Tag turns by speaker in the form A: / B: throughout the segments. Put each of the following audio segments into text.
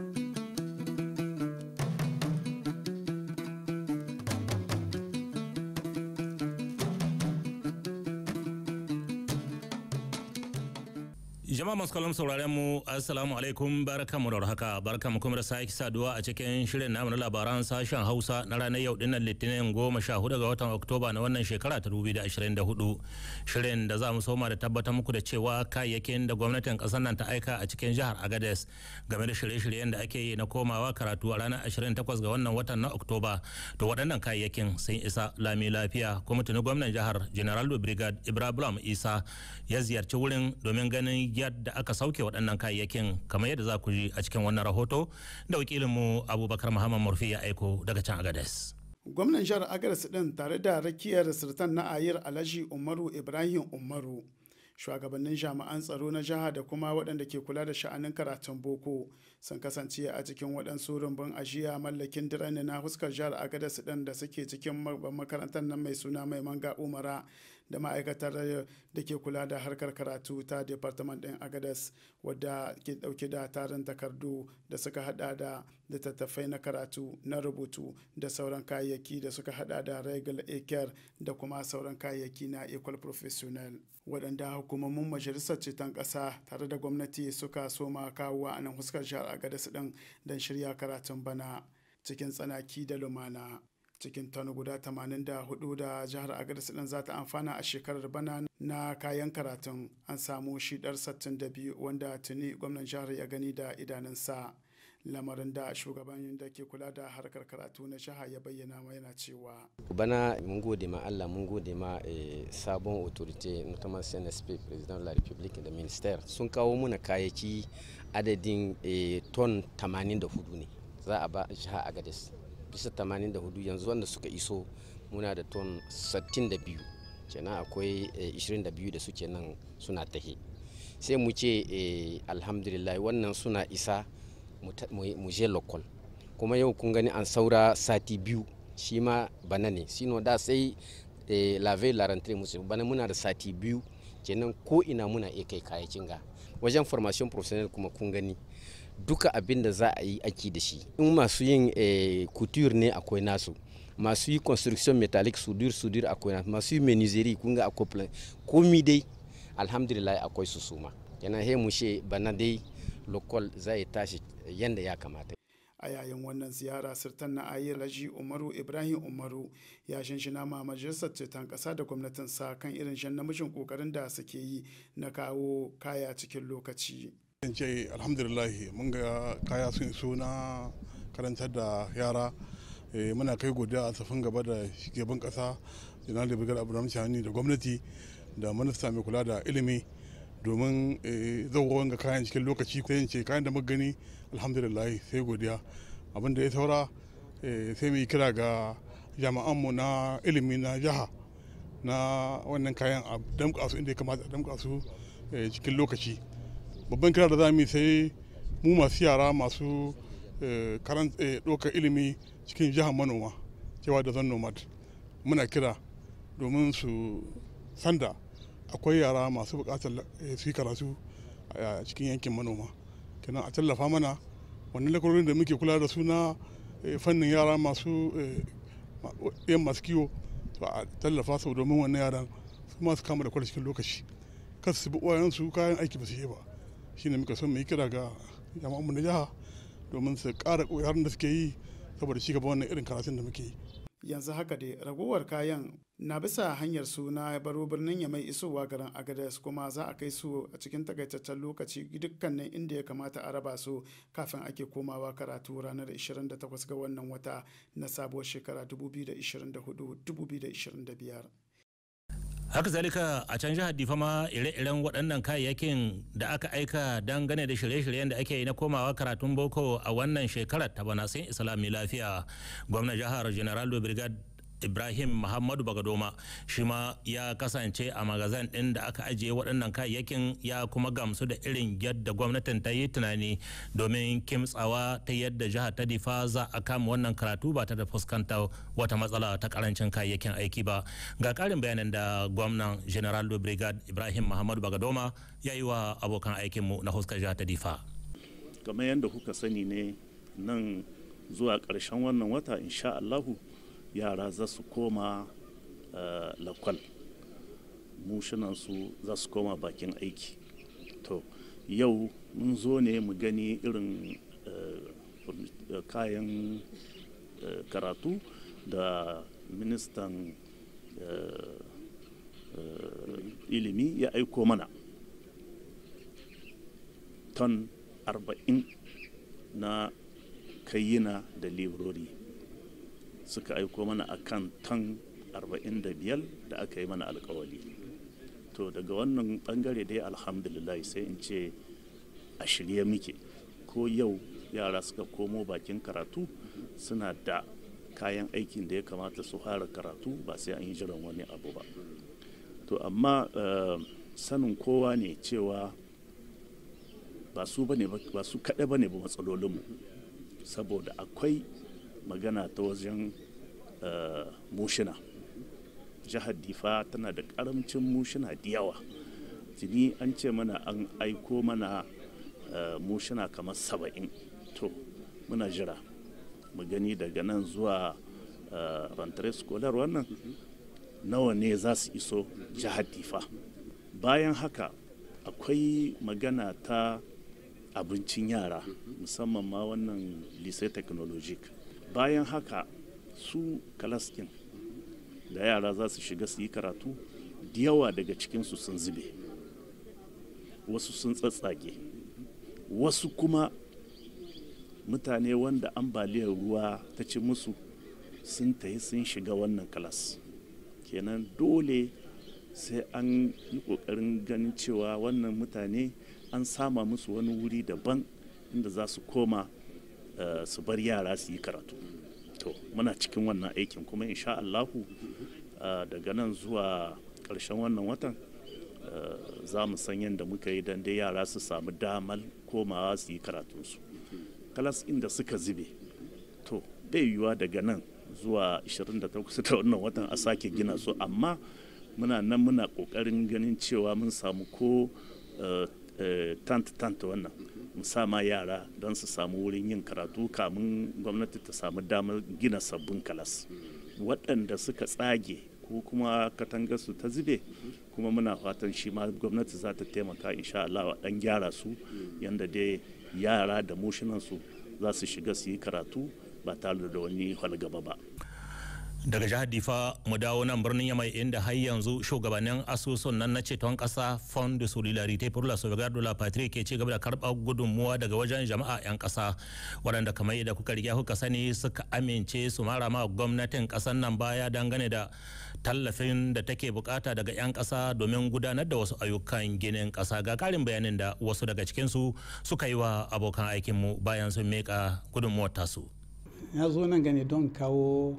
A: Thank you. Jama'a masu kallon sauraren mu assalamu alaikum mu da haka mu kuma da sake saduwa a cikin shirin namu na labaran sashen Hausa na ranar yau dinnan Litinin goma sha hudu ga watan Oktoba na wannan shekara ta dubu da ashirin da hudu shirin da za mu soma da tabbatar muku da cewa kayayyakin da gwamnatin kasar nan ta aika a cikin jihar Agadez game da shirye-shiryen da ake yi na komawa karatu a ranar ashirin takwas ga wannan watan na Oktoba to waɗannan kayayyakin sun isa lami lafiya kuma tuni gwamnan jihar General Brigade Ibrahim Isa ya ziyarci wurin domin ganin yadda da aka sauke waɗannan kayayyakin kamar yadda za ku ji a cikin wannan rahoto da wakilinmu abubakar muhammad murfi ya aiko daga can agadez
B: gwamnan jihar agadez din tare da rakiyar sirtan na ayir alhaji umaru ibrahim umaru shugabannin jami'an tsaro na jiha da kuma waɗanda ke kula da sha'anin karatun boko sun kasance a cikin waɗansu rumbun ajiya mallakin dirani na huskar jihar agadas ɗin da suke cikin makarantar nan mai suna mai manga umara da ma'aikatar da ke kula da harkar karatu ta departament din agadas wadda ke ɗauke da tarin takardu da suka hada da littattafai na karatu na rubutu da sauran kayayyaki da suka hada da regal acre da kuma sauran kayayyaki na equal professional waɗanda hukumomin majalisar ceton ƙasa tare da gwamnati suka soma kawo a nan huskar jihar agadas din don shirya karatun bana cikin tsanaki da lumana cikin tano guda 84 da jihar agadis din za ta amfana a shekarar bana na kayan karatun an samu shidar biyu wanda tuni gwamnan jihar ya gani da idanunsa lamarin da shugaban da ke kula da harkar karatu na jiha ya bayyana ma yana cewa
C: bana mun gode ma Allah mun gode ma eh, sabon authority mutumar CNSP president la republic da minister sun kawo muna kayaki adadin eh, ton 84 ne za a ba jiha agadis bisa 84 yanzu wanda suka iso muna da ton 62 kenan akwai 22 eh, da suke nan suna tahe sai mu ce eh, alhamdulillah wannan suna isa mu je lokal kuma yau kun gani an saura sati biyu shi ma bana ne sino da sai eh, lave larantre musu bana muna da sati biyu kenan ko ina muna iya kai kayakin ga wajen formation professional kuma kun gani duka abin da za a yi aiki da shi in masu yin eh, couture ne akwai nasu masu yi construction metallic sudur sudur akwai nasu masu yi menuiserie kun ga akwai plan komi dai alhamdulillah akwai su suma yana he mushe bana dai lokal zai tashi yanda ya kamata
B: a yayin wannan ziyara sirtan na ayyar raji umaru ibrahim umaru ya shinshina ma majalisar kasa da gwamnatin sa kan irin shan namijin kokarin da suke yi na kawo kaya cikin lokaci
D: in ce mun ga kaya sun iso na karantar da yara eh, muna kai godiya a safin gaba da shugaban kasa janar da abu abraham shani da gwamnati da minista mai kula da ilimi domin eh, zauwa ga kayan cikin lokaci ko ce kayan da gani alhamdulillah sai godiya abin da ya saura eh, sai mu kira ga jami'anmu na ilimi na jiha na wannan kayan a damƙasu inda ya kamata a damƙasu cikin lokaci babban kira da za mu sai mu masu yara masu eh, eh, ɗaukar ilimi cikin jihar manoma cewa da zan nomad muna kira domin su sanda akwai yara masu bukatar eh, su yi karatu a cikin yankin manoma kenan a tallafa mana wannan lakwarorin da muke kula da su na fannin yara masu yan masu kiwo a tallafa sau domin wannan yaran su masu kama da kwallo cikin lokaci kasu su bi uwayensu kayan aiki ba su yi ba shine muka san mu yi kira ga jama'anmu na jiha domin su ƙara ƙoƙarin da suke yi saboda ci gaba wannan irin karatun da muke yi yanzu haka dai
B: ragowar kayan na bisa hanyar su na baro birnin ya mai isowa garin agadas kuma za a kai su a cikin takaitaccen lokaci dukkanin inda ya kamata a raba su kafin ake komawa karatu ranar 28 ga wannan wata na sabuwar shekara 2024-2025
A: haka zalika a can jihar difa ma ire-iren waɗannan kayayyakin da aka aika don gane da shirye-shiryen da ake yi na komawa karatun boko a wannan shekarar ta bana sun islami lafiya gwamnan jihar general brigade ibrahim muhammadu bagadoma shi ma ya kasance a magazan din da aka ajiye waɗannan kayayyakin ya kuma gamsu da irin yadda gwamnatin ta yi tunani domin kimtsawa ta yadda jihar ta difa za a kama wannan karatu ba ta da fuskanta wata matsala ta karancin kayayyakin aiki ba ga karin bayanan da gwamnan general brigade ibrahim muhammadu bagadoma ya yi wa abokan aikin mu na huskar jihar ta difa
E: kamar yadda kuka sani ne nan zuwa karshen wannan wata insha allahu yara za su koma eh, lakwal su za su koma bakin aiki to yau mun zo ne mu gani irin eh, kayan eh, karatu da ministan ilimi ya aiko mana ton arba'in na kayina da librori suka aiko mana a akan tan 45 da aka yi mana alkawali to daga wannan bangare dai alhamdulillah sai in ce a shirye muke ko yau yara suka komo bakin karatu suna da kayan aikin da ya kamata su fara karatu ba sai an yi jiran wani abu ba to amma eh, sanin kowa ne cewa ba su kaɗai ba ne ba matsalolinmu saboda akwai magana ta wajen eh, mushina jihar difa tana da karamcin mushina da yawa tuni an ce mana an aiko mana eh, mushina kamar saba'in to muna jira mu gani daga nan zuwa eh, rantare skolar wannan nawa ne za su iso jihar difa bayan haka akwai magana ta abincin yara musamman ma wannan lise technologique bayan haka su kalaskin da yara za su shiga su yi karatu da yawa daga cikinsu sun zube wasu sun tsatsage wasu kuma mutane wanda ambaliyar ruwa ta ci musu sun tafi sun shiga wannan kalas kenan dole sai an yi ƙoƙarin ganin cewa wannan mutane an sama musu wani wuri daban inda za su koma su bar yara su yi karatu to muna cikin wannan aikin kuma insha Allahu daga nan zuwa ƙarshen wannan watan za mu san yadda muka yi don dai yara su samu damar komawa su yi karatunsu kalas inda suka zube to bai yiwuwa daga nan zuwa 28 da wannan watan a sake gina su amma muna nan muna ƙoƙarin ganin cewa mun samu ko tant tant wannan sa ma yara don su samu wurin yin karatu kamun gwamnati ta samu damar gina sabbin kalas waɗanda suka tsage ko kuma katanga su ta zube kuma muna fatan shi ma gwamnati za ta taimaka sha Allah ɗan gyara su yadda dai yara da mushinansu za su shiga su yi karatu ba tare da wani gaba ba
A: daga jihar difa mu dawo nan birnin yamai inda har yanzu shugabannin asusun nan na ceton kasa fond de solidarite pour la sauvegarde de la patrie ke ci gaba da karba gudunmuwa daga wajen jama'a 'yan kasa waɗanda kamar yadda kuka riga kuka sani suka amince su mara ma gwamnatin kasar nan baya dangane da tallafin da take bukata daga 'yan kasa domin gudanar da wasu ayyukan ginin kasa ga karin bayanin da wasu daga cikinsu suka yi wa abokan aikinmu bayan sun mika gudunmuwar tasu.
B: ya zo nan gane don kawo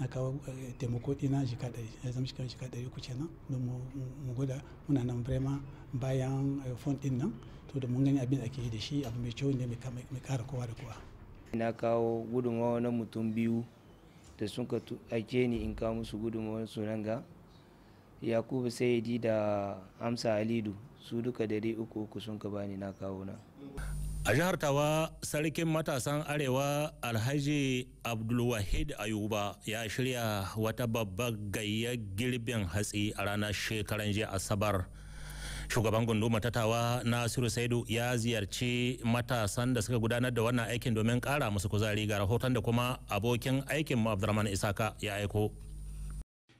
B: na kawo eh, taimako dina shika ɗari ya zama shika shika uku kenan don mu gwada muna nan brema bayan eh, fon din nan to da mun gani abin da ake yi da shi abu mai kyau ne mai kara kowa da kowa.
A: na kawo gudunmawa na mutum biyu da sun ka ake ni in kawo musu gudunmawa su nan ga yakubu sayidi da amsa alidu su duka dari uku uku sun ka bani na kawo na. a jihar tawa sarkin matasan arewa alhaji abdulwahid ayuba ya shirya wata babbar gayyar girbin hatsi a ranar shekaran jiya asabar shugaban gunduma ta tawa nasiru saidu ya ziyarci matasan da suka gudanar da wannan aikin domin kara musu kuzari ga rahoton da kuma abokin aikin mu isaka ya aiko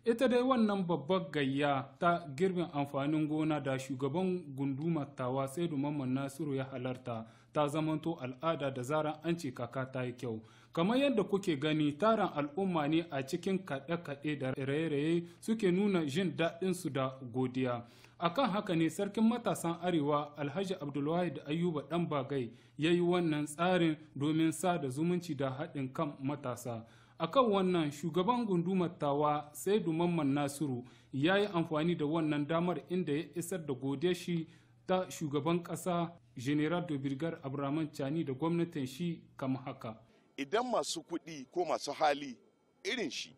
F: ita dai wannan babbar gayya ta girbin amfanin gona da shugaban gunduma tawa saidu mamman nasiru ya halarta ta zamanto al'ada da zaran an ce kaka ta yi kyau kamar yadda kuke gani taron al'umma ne a cikin kaɗe-kaɗe da raye-raye suke nuna jin daɗinsu da godiya akan haka ne sarkin matasan arewa alhaji abdulwahid ayuba ɗan bagai ya yi wannan tsarin domin sa da zumunci da haɗin kan matasa akan wannan shugaban gundumar tawa sai mamman nasiru ya yi amfani da wannan damar inda ya isar da godiya shi ta shugaban ƙasa general da birgar cani chani da gwamnatin shi kama haka
G: idan masu kuɗi ko masu hali irin shi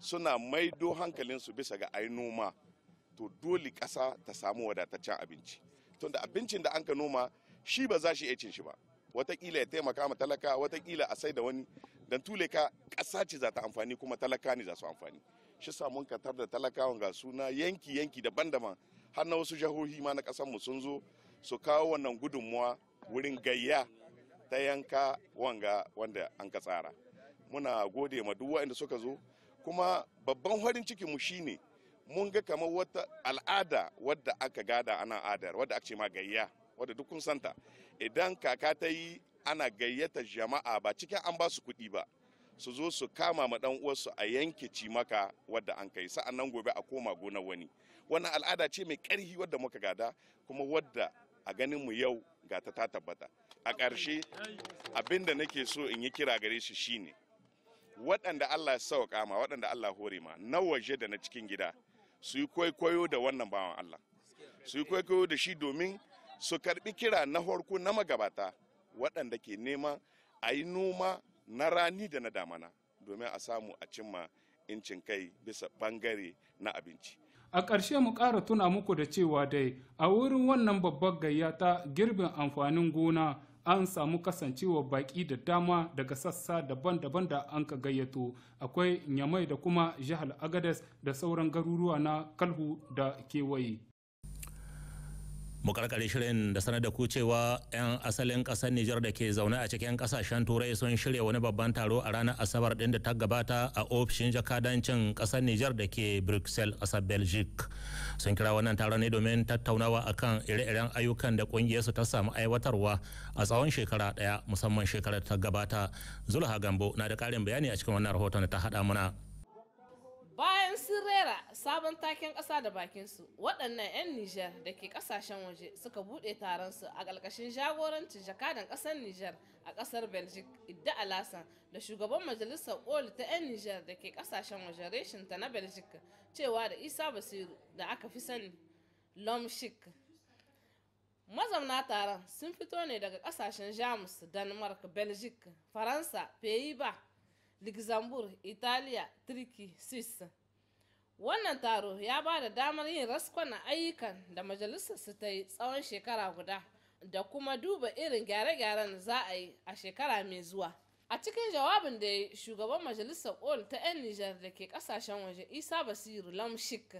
G: suna maido hankalinsu bisa ga ai noma to dole ƙasa ta samu wadataccen abinci tunda abincin da an ka noma shi ba za shi iya cin shi ba watakila ya taimaka ma talaka watakila a sai da wani dan tule ka ƙasa ce za ta amfani kuma talaka ne za su amfani shi sa mun katar da talakawan ga suna yanki yanki daban-daban har na wasu jahohi ma na ƙasar mu sun zo su kawo wannan gudunmuwa wurin gayya ta yanka wanga wanda an ka tsara muna gode ma duk waɗanda suka zo kuma babban farin ciki mu shine mun ga kamar wata al'ada wadda aka gada ana adar wadda aka ce ma gayya wadda duk kun santa idan kaka ta yi ana gayyata jama'a ba cikin an ba su kuɗi ba su zo su kama ma dan uwarsu a yanke ci maka wadda an kai sa'an nan gobe a koma gonar wani wannan al'ada ce mai karhi wadda muka gada kuma wadda a ganin mu yau ga ta ta tabbata a ƙarshe abin da nake so in yi kira gare shi shine waɗanda Allah ya sauƙa ma waɗanda Allah hore ma na waje da na cikin gida su yi kwaikwayo da wannan bawan Allah su yi kwaikwayo da shi domin su karbi kira na farko na magabata waɗanda ke nema a yi noma na rani da na damana domin a samu a cimma incin kai bisa bangare na abinci
F: a ƙarshe mu ƙara tuna muku da cewa dai a wurin wannan babbar gayya ta girbin amfanin gona an samu kasancewa baƙi da dama daga sassa daban-daban da an ka gayyato akwai nyamai da kuma jihar agades da sauran garuruwa na kalhu da kewaye
A: mu shirin da sanar da ku cewa 'yan asalin kasar Nijar da ke zaune a cikin kasashen turai sun shirya wani babban taro a ranar asabar din da ta gabata a ofishin jakadancin kasar Nijar da ke Bruxelles kasar Belgique sun kira wannan taron ne domin tattaunawa akan ire-iren ayyukan da su ta samu aiwatarwa a tsawon shekara daya musamman shekarar ta gabata Zulha Gambo na da karin bayani a cikin wannan rahoton da ta hada muna
H: bayan sun sabon taken kasa da bakin su waɗannan 'yan nijar da ke ƙasashen waje suka buɗe taronsu a ƙarƙashin jagorancin jakadan ƙasar nijar a ƙasar belgic idda alasan da shugaban majalisar ƙoli ta 'yan nijar da ke ƙasashen waje ta na belgic cewa da isa basiru da aka fi sani lomshik mazauna taron sun fito ne daga ƙasashen jamus Danmark, belgic faransa peyiba luxembourg italiya turkey swiss wannan taro ya ba da damar yin raskwana ayyukan da majalisar su ta yi tsawon shekara guda da kuma duba irin gyare-gyaren za a yi a shekara mai zuwa a cikin jawabin da ya shugaban majalisar kol ta 'yan nijar da ke kasashen waje isa basiru lamshik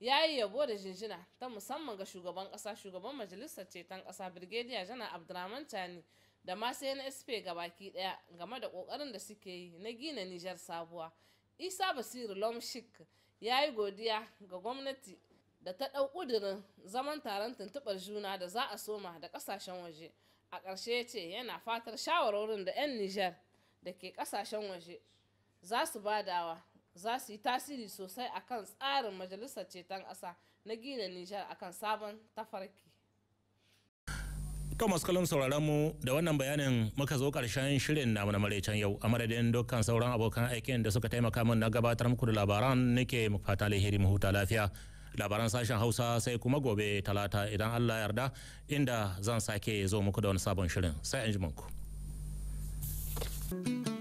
H: ya yi yabo da jinjina ta musamman ga shugaban kasa shugaban majalisar ceton kasa birgediya janar abdulrahman chani da ma sp ga baki daya game da kokarin da suke yi na gina nijar sabuwa isa basiru lamshik ya yi godiya ga gwamnati da ta ɗau ƙudurin zaman taron tuntuɓar juna da za a soma da ƙasashen waje a ƙarshe ya ce yana fatar shawarorin da 'yan nijar da ke ƙasashen waje za su badawa za su yi tasiri sosai akan tsarin majalisar ceton ƙasa na gina nijar akan sabon tafarki
A: To masu kallon sauraron mu da wannan bayanin muka zo karshen shirin namu na maraicen yau a madadin dukkan sauran abokan aikin da suka taimaka min na gabatar muku da labaran nake fata alheri mu huta lafiya. Labaran sashen Hausa sai kuma gobe talata idan Allah yarda inda zan sake zo muku da wani sabon shirin sai an ji ku. thank you